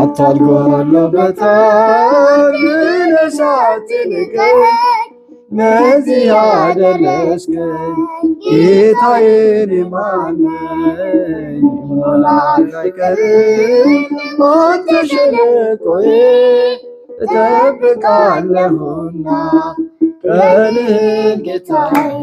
አታድጎሎበታል ምን ሳትንቀር ለዚህ ያደረስከኝ ጌታዬ ማነኝ? ሞላል አይቀርም ሞት እጠብቃለሁና ቀንህን ጌታዬ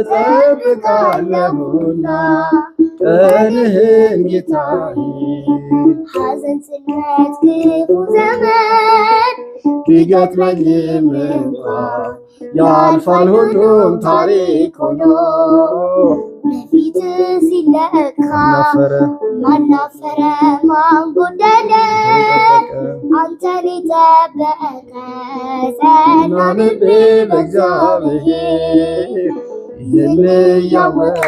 እጠብቃለሁና ቀንህን ጌታዬ። ሐዘን፣ ስለት፣ ክፉ ዘመን ቢገጥመኝም ያልፋል ሁሉም ታሪክ ሆኖ በፊት ሲለካ ማናፈረ ማን አንተን የጠበቀ ጸና ልቤ በእግዚአብሔር የሚያወቀ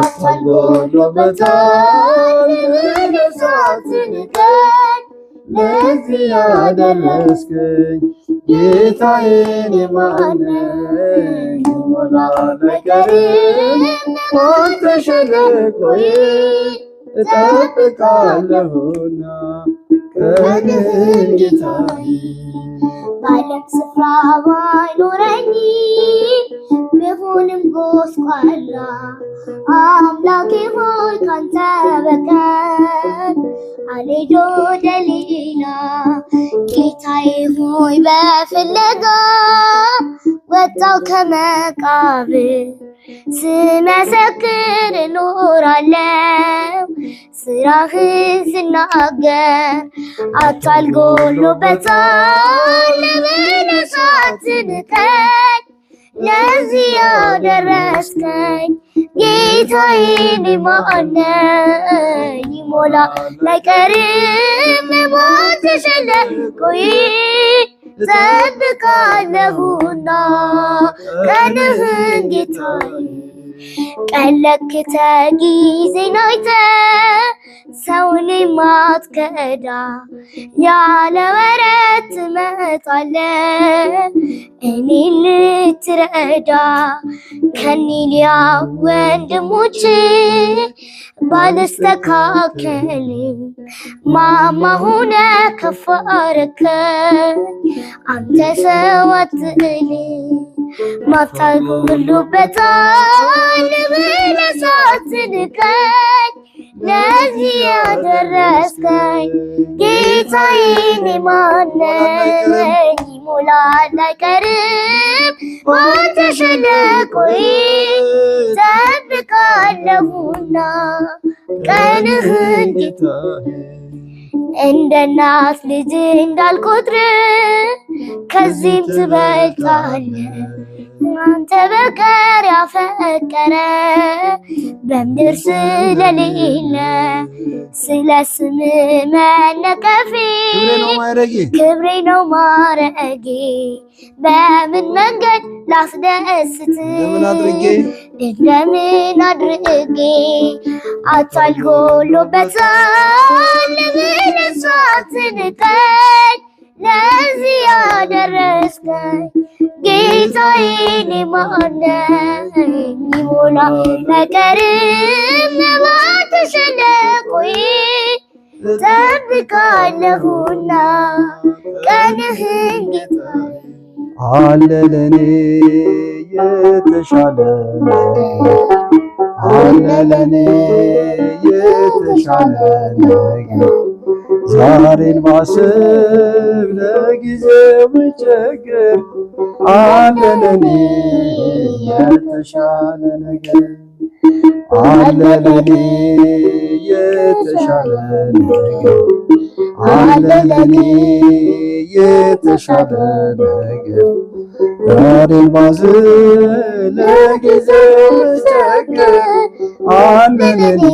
አታጎሎበታል ለነሳት ንቀን ለዚህ ያደረስክኝ ጌታዬን የማነኝ ሞላ ነገር አንተ ሸለቆዬ እጠብቃለሁና ቀንን ጌታዬ በዓለም ስፍራ ባይኖረኝ ብሆንም ጎስቋላ አምላኬ ሆይ ካንተ በቀር አልሄድ ወደ ሌላ ጌታዬ ሆይ በፍለጋ ወጣው ከመቃብር ስመሰክር እኖራለሁ ስራህን ስናገር አታል ጎሎበታል ለመነሳት ንቀኝ ለዚህ ያደረስከኝ ጌታዬን ማነ ይሞላ ላይቀርም ሞት ተሸለቆይ ዘንቃለሁና ቀንህን ጌታዬ ቀለክተ ጊዜ ናይተ ሰውን ማትከዳ ያለ ወረት ትመጣለ እኔ ልትረዳ ከኒሊያ ወንድሞች ባለስተካከል ማማ ሆነ ከፋርከ አንተ ሰው አትል ሁሉ በታል ብለህ ለዚህ ያደረስከኝ ጌታዬን ማነኝ ይሞላል አይቀርም አንተ ሸለቆዬ ጠብቃለሁና ቀንህን ጌታዬ እንደ እናት ልጅ እንዳልቆጥር ከዚህም ትበልጣለ አንተ በቀር ያፈቀረ በምድር ስለሌለ ስለ ስም መነቀፊ ክብሬ ነው ማረጌ በምን መንገድ ላስደስት እንደምን አድርጌ አታል ጎሎበታል ለምን ሳትንቀኝ ለዚህ ያደረስከኝ ጌታዬ እኔ ይሞላ መቀርም እባክሽ ጠብቃለሁና ቀንህን ጌታዬ አለለኔ የተሻለ አለ ለኔ የተሻለ ነገር ዛሬን ባስብ ለጊዜው ችግር አለ ለኔ የተሻለ ነገር አለ ለኔ የተሻለ ነገር አለ ለኔ የተሻለ ነገር ዛሬን ባዝን ለጊዜው ስቸገር አለ ለኔ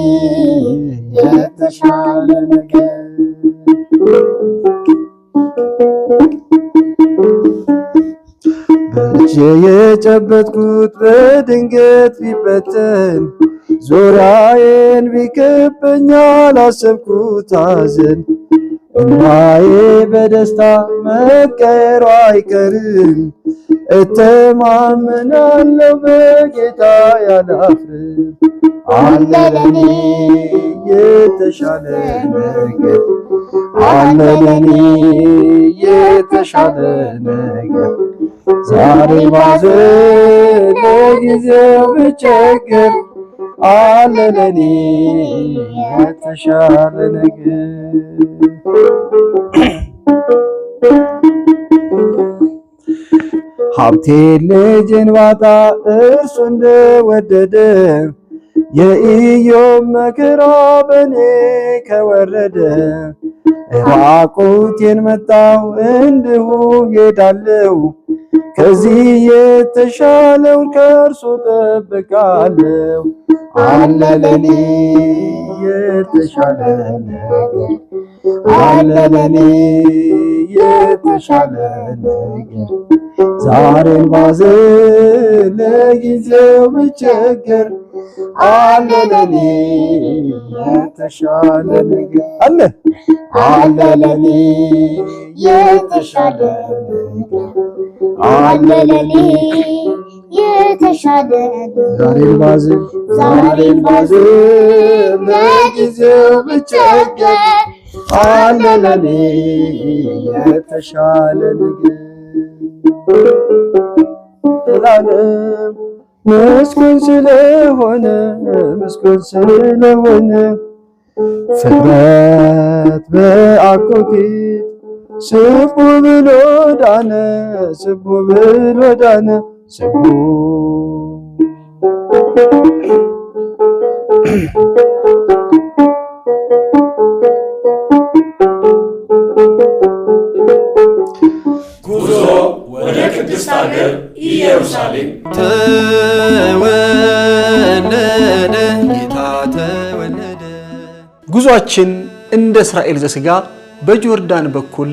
የተሻለ ነገር ከልጄ የጨበጥኩት በድንገት ቢበተን ዙሪያዬን ቢከበኝ አላሰብኩት አዘን እናዬ በደስታ መቀየሯ አይቀርም። እተማመናለው በጌታ ያላፍርም። አለ ለኔ የተሻለ ነገር አለ ለኔ የተሻለ ነገር ዛሬ ባዘን ጊዜው ብቸገር አለ ለኔ የተሻለ ነገር ሀብቴ ልጅን ባጣ እርሱ እንደወደደ የኢዮብ መከራ በኔ ከወረደ ራቁቴን መጣው እንድሁ ሄዳለው ከዚህ የተሻለው ከእርሱ ጠብቃለሁ። አለ ለኔ የተሻለ ነገር፣ አለ ለኔ የተሻለ ነገር። ዛሬን ባዝን ለጊዜው ብቸገር፣ አለ ለኔ የተሻለ ነገር፣ አለ አለ ለኔ የተሻለ ነገር አለ ለኔ የተሻለ ዛሬም ባዝን ዛሬም ባዝን ለጊዜው ብቸገር አለ ለኔ የተሻለ ነገር ላለም ምስጉን ስለሆነ ምስጉን ስለሆነ ፍጥረት በአኮቴት ስቡ ብሎ ዳነ ስቡ ብሎ ዳነ ስቡ ጉዞ ወደ ቅድስት ኢየሩሳሌም ተወለደ ጌታ ተወለደ። እንደ እስራኤል ዘስጋ በጆርዳን በኩል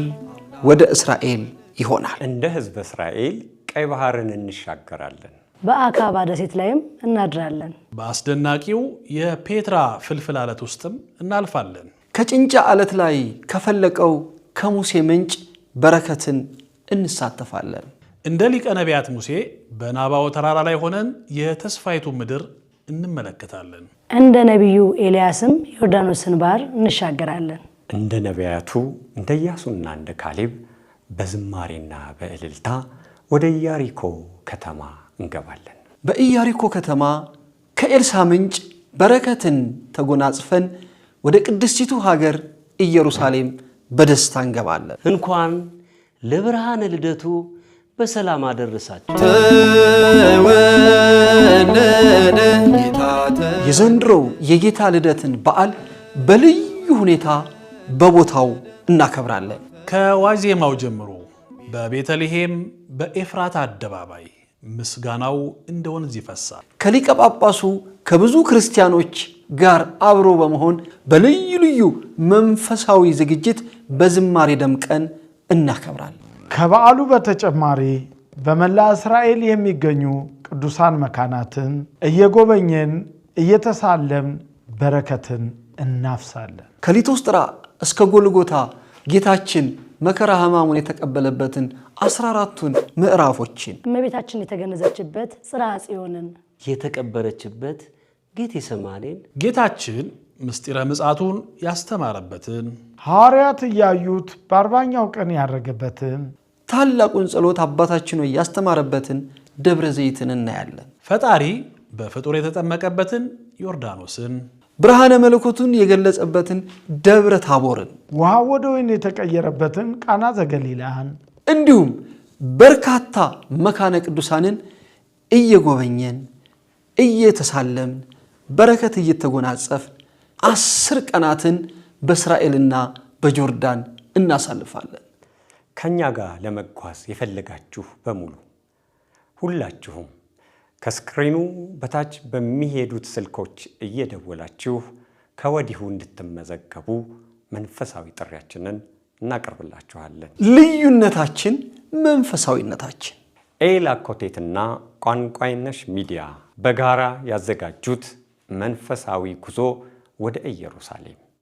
ወደ እስራኤል ይሆናል። እንደ ህዝብ እስራኤል ቀይ ባህርን እንሻገራለን። በአካባ ደሴት ላይም እናድራለን። በአስደናቂው የፔትራ ፍልፍል አለት ውስጥም እናልፋለን። ከጭንጫ አለት ላይ ከፈለቀው ከሙሴ ምንጭ በረከትን እንሳተፋለን። እንደ ሊቀ ነቢያት ሙሴ በናባው ተራራ ላይ ሆነን የተስፋይቱ ምድር እንመለከታለን። እንደ ነቢዩ ኤልያስም ዮርዳኖስን ባህር እንሻገራለን። እንደ ነቢያቱ እንደ ኢያሱና እንደ ካሌብ በዝማሬና በእልልታ ወደ ኢያሪኮ ከተማ እንገባለን። በኢያሪኮ ከተማ ከኤልሳ ምንጭ በረከትን ተጎናጽፈን ወደ ቅድስቲቱ ሀገር ኢየሩሳሌም በደስታ እንገባለን። እንኳን ለብርሃነ ልደቱ በሰላም አደረሳቸው። የዘንድሮው የጌታ ልደትን በዓል በልዩ ሁኔታ በቦታው እናከብራለን። ከዋዜማው ጀምሮ በቤተልሔም በኤፍራት አደባባይ ምስጋናው እንደ ወንዝ ይፈሳል። ከሊቀ ጳጳሱ ከብዙ ክርስቲያኖች ጋር አብሮ በመሆን በልዩ ልዩ መንፈሳዊ ዝግጅት በዝማሬ ደምቀን እናከብራለን። ከበዓሉ በተጨማሪ በመላ እስራኤል የሚገኙ ቅዱሳን መካናትን እየጎበኘን እየተሳለም በረከትን እናፍሳለን። ከሊቶስጥራ እስከ ጎልጎታ ጌታችን መከራ ሕማሙን የተቀበለበትን አስራ አራቱን ምዕራፎችን እመቤታችን የተገነዘችበት ጽራ ጽዮንን የተቀበረችበት ጌቴሰማኔን ጌታችን ምስጢረ ምጽአቱን ያስተማረበትን ሐዋርያት እያዩት በአርባኛው ቀን ያደረገበትን ታላቁን ጸሎት አባታችን ሆይ ያስተማረበትን ደብረ ዘይትን እናያለን። ፈጣሪ በፍጡር የተጠመቀበትን ዮርዳኖስን ብርሃነ መለኮቱን የገለጸበትን ደብረ ታቦርን ውሃ ወደ ወይን የተቀየረበትን ቃና ዘገሊላህን፣ እንዲሁም በርካታ መካነ ቅዱሳንን እየጎበኘን እየተሳለምን በረከት እየተጎናጸፍን አስር ቀናትን በእስራኤልና በጆርዳን እናሳልፋለን። ከእኛ ጋር ለመጓዝ የፈለጋችሁ በሙሉ ሁላችሁም ከስክሪኑ በታች በሚሄዱት ስልኮች እየደወላችሁ ከወዲሁ እንድትመዘገቡ መንፈሳዊ ጥሪያችንን እናቀርብላችኋለን። ልዩነታችን መንፈሳዊነታችን። ኤላ ኮቴትና ቋንቋይነሽ ሚዲያ በጋራ ያዘጋጁት መንፈሳዊ ጉዞ ወደ ኢየሩሳሌም